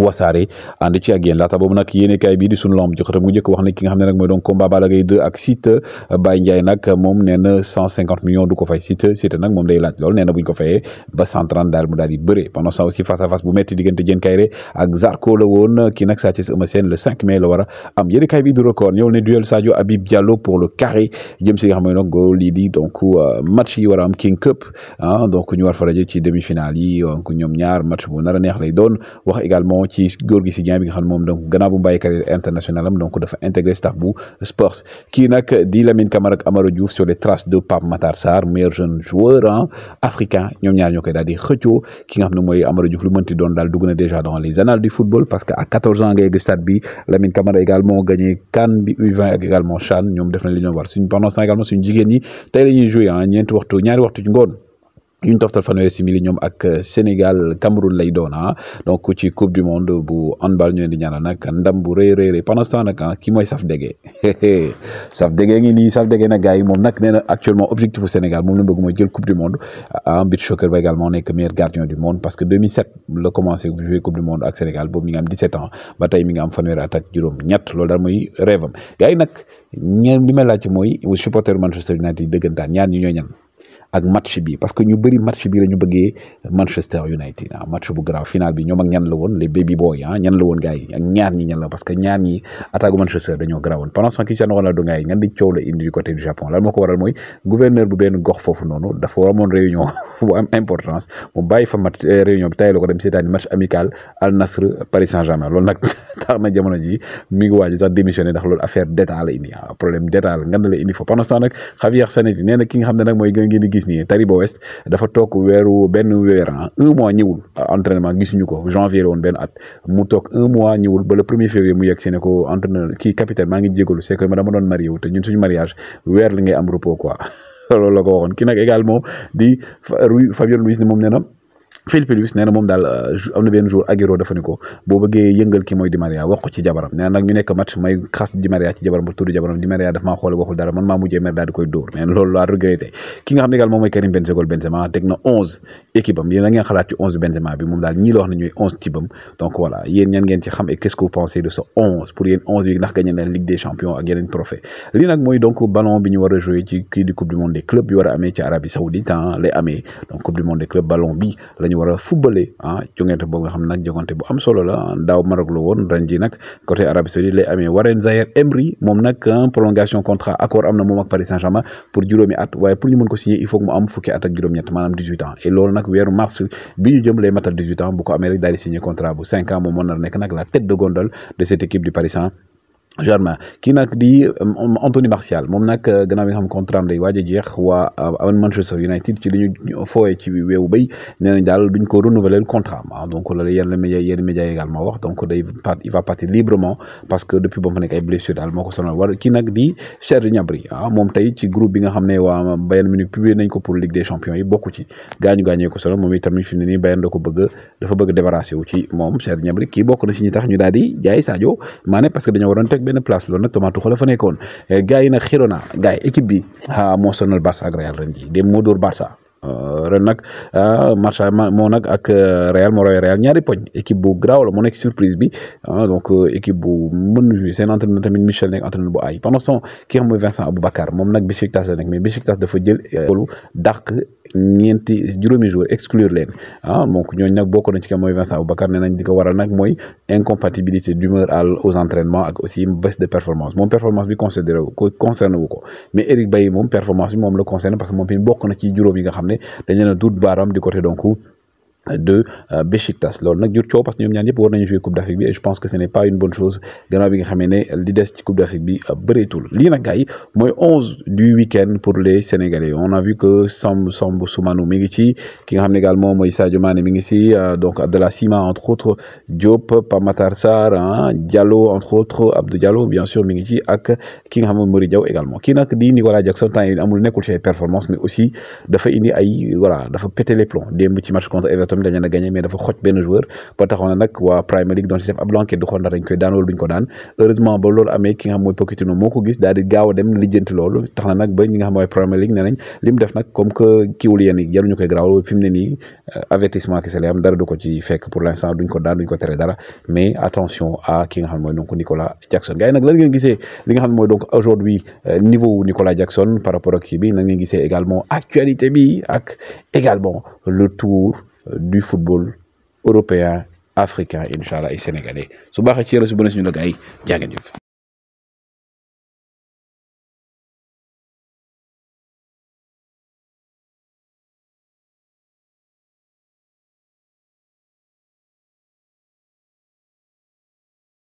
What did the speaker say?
wasare ànd ci ak lata bobu nak yene kay bi di sun lamb ci xëtam gu njëkk wax ne ki nga xam ne moy donc combat Balla Gaye 2 ak site Baye Ndiaye nak mom nee 150 millions du ko fay Siteu Siteu nak mom day laaj lol nee buñ ko fayé ba 130 dal mu dal di bëre pendant ça aussi face à face bu metti diggante Diène kayré ak Zarko la won ki nak Sa Thiès le 5 mai la wara am yene kay bi di record ñëw ne duel Sadio Habib Diallo pour le carré jëm ci nga xam ne nag di donc euh, match yi wara am King Cup hein donc ñu war fa ci demi-finale yi donc ñoom ñaar match bu nar neex lay doon wax également ci góor gi si Dieng bi nga xam mom donc ganna bu mu carrière internationale am donc dafa intégrer staff bu sports ki nak di Lamine Camara ak Amara Diouf sur les traces de Pape Matar sar meilleur jeune joueur hein, africain ñom ñaar ñokay koy daal di xëccoo ki nga xam moy mooy Diouf lu meunti doon dal duguna déjà dans les annales du football parce que à 14 ans ngay stade bi Lamine Camara également gagné CAN bi U20 ak également CHAN ñom def na li ñu war suñu pendant ce temps également suñu jigen ñi tay lañuy jouer joué hein, ah waxtu ñaari waxtu ci ngone une toftal fanweeri simili ñom ak Sénégal Cameroun lay doona ah. donc ci coupe du monde bu handball ñoo di ñaan nak ndam bu rëy rëy pendant ce temps nag ah, ki moy Saf Degé Saf Degé ngi ni Saf Degé nag gars mom nak nag actuellement objectif bu Sénégal mom la bëgg moy jël coupe du monde en ah, beach soccer ba également nek meilleur gardien du monde parce que 2007 commencer commencé jouer coupe du monde ak Sénégal boobu mi nga am 17 ans ba tay mi ngi am fanweeri attaque ak juróom-ñett loolu moy mooy rêve nak gars yi nag ñoom li may supporter Manchester United dëggantaan ñaar ñu ñooy ñan ak match bi parce que ñu bari match bi la ñu Manchester United ah match bu grave final bi ñom ak ñan la won les baby boy hein ah, ñan la won gaay ak ñaar ñi ñan la parce que ñaar ñi attaque Manchester dañu garaawoon pendant ce temps Cristiano Ronaldo gars ngand di la indi du côté du Japon lan moko ko waral moy gouverneur bu ben gox fofu noonu dafa waroon réunion bu am importance mu bàyyi fa match eh, réunion bi tayaloo ko dem sétane match amical Al Nassr Paris Saint-Germain lool nak tax na jamono ji mi ngi waji sax démissionné ndax lool affaire d'état la indi ah, problème d'état la ngan la indi foofu pendant nak temps nag Javier Zanetti na ki nga xamné nak moy mooy gën di gis gis nii Taribo West dafa toog weeru benn weer ah, un mois ñëwul ah, entraînement gisuñu ko janvier la woon benn at mu toog un mois ñëwul ba le premier février mu yegg si ne ko entraîneur ki capitaine maa ngi jégalu c'est que ma dama doon marié te ñun suñu mariage weer li ngay am repos quoi loolu la ko waxoon ki nag également di Fabio Luis ne moom nee na Philippe Luis nee mom dal amna am jour Aguero dafa ni bo boo yëngël ki moy Di Maria wax ko ci jabaram nee nak ñu nek match may xas Di Maria ci jabaram ba tudd jabaram Di Maria daf ma xol waxul dara man ma mujjé mer dal di koy dóor nee loolu la regretté ki nga xam ne daal moom Karim Benzema Benzema teg na 11 équipe am yéen nga ngeen xalaat ci 11 Benzema bi mom dal ñi la wax ñuy 11 onze bam donc voilà yeen ñan ngeen ci xam et qu'est-ce que vous pensez de ce 11 pour yeen 11 bi nak gagné na Ligue des Champions ak yeneen trophée li nak moy donc ballon bi ñu wara a ci ki di coupe du monde des clubs bi wara amé ci Arabie Saoudite hein, les amé donc coupe du monde des clubs ballon bi lañu ñu war a footballé ah jongante boobu nga xam nak jongante bu am solo la daaw Maroc la woon ren ji nag côté Arabie Saoudite lay amé Warren Zaïre emri mom nak ah, prolongation contrat accord amna mom ak Paris Saint-Germain pour juróomi at waye pour ñu mëne ko signer il faut que mu am fukki at ak juróom ñet manam 18 ans et lool nak wéru mars bi ñu jëm lay matal 18 ans bu ko amé rek daal di signer contrat bu 5 ans mom moo nar nekk nag la tête de gondole de cette équipe du Paris Saint-Germain Germain kii nag di euh, Anthony Martial moom nag euh, gannaaw bi nga xam contrat am day waaj jeex waa euh, aman Manchester United ci li fooye ci weewu béy nee nañ daal duñ ko renouveler contrat am ah, donc loolu yenn média yenn média wax donc day part il librement parce que depuis ba mu ay blessure daal ah, moom tey ci groupe bi nga xam ne waa Bayern Munich publié nañ ko pour Ligue des Champions yi bokku ci gaañu gaañee ko sonal moom itamit fi ne nii Bayern da ko bëgg benn place loolu na Thomas Tuchel la fa nekkoon eh, gars yi nag xiroona gars yi équipe bi ah moo sonal Barça ak Real ren jii dem moo dóor Barça. Euh, ren nak euh, Marcha mo nak ak euh, Real mo Real ñaari poñ équipe bu graaw la moo surprise bi hein, donc équipe bu mën un entraîneur tamit Michel nekk entraîneur bu ay pendant son ki xam Vincent Aboubakar moom nak Besiktas mais Besiktas dafa jël dark niente ñeenti juróomi exclure leen ah donc ñoñ nak bokk na ci moy Vincent Aboubakar nee nañ di waral nak moy incompatibilité d'humeur aux entraînements ak aussi baisse de performance mon performance bi considéré ko concerne mais Eric baye mon performance bi moom le concerne parce que mon fi na ci juróom yi nga ne dañ leen a baaraam di côté donc de euh, Besiktas Lors nag jur coow parce que ñoom ñaan yëpp war jouer coupe d'Afrique bi et je pense que ce n'est pas une bonne chose gannaaw bi nga xamee de li ci coupe d'Afrique bi euh, bëreetul lii nag gars yi 11 du week-end pour les Sénégalais on a vu que Sam Sam Soumanou mi ngi ci ki nga également mooy Sadio Mané mi ngi ci euh, donc Abdallah Sima entre autres Diop Pamatar Sar, hein, Diallo entre autres Abdou Diallo bien sûr mi ngi ci ak ki nga Qui n'a que dit également di Nicolas Jackson temps yi amul nekkul performance mais aussi dafa indi ay voilà dafa péter les plombs démb ci match contre Everton tamit dañ na gagné mais dafa xoj benn joueur ba taxoon na nag waa Premier League doon si def ab enquête di xool dañ koy daan wala duñ ko daan heureusement ba loolu amé ki nga xam mooy Pochettino moo gis dal di gaaw dem lijeenti loolu taxna na ba ñi nga xam Premier League nee nañ li def nak comme que ki wul i jaruñu koy garaawal fi mu ne ni euh, avertissement ki lay am dara du ko ci fekk pour l'instant duñ ko daan duñ ko téré dara mais attention à ki nga xam donc Nicolas Jackson gars nak nag lan ngeen gisé li nga xam donc aujourd'hui euh, niveau Nicolas Jackson par rapport ak kii bi nan ngeen gisé également actualité bi ak également le tour euh, du football européen africain incha et sénégalais su baaxee ci yàlla su bonee suñu nag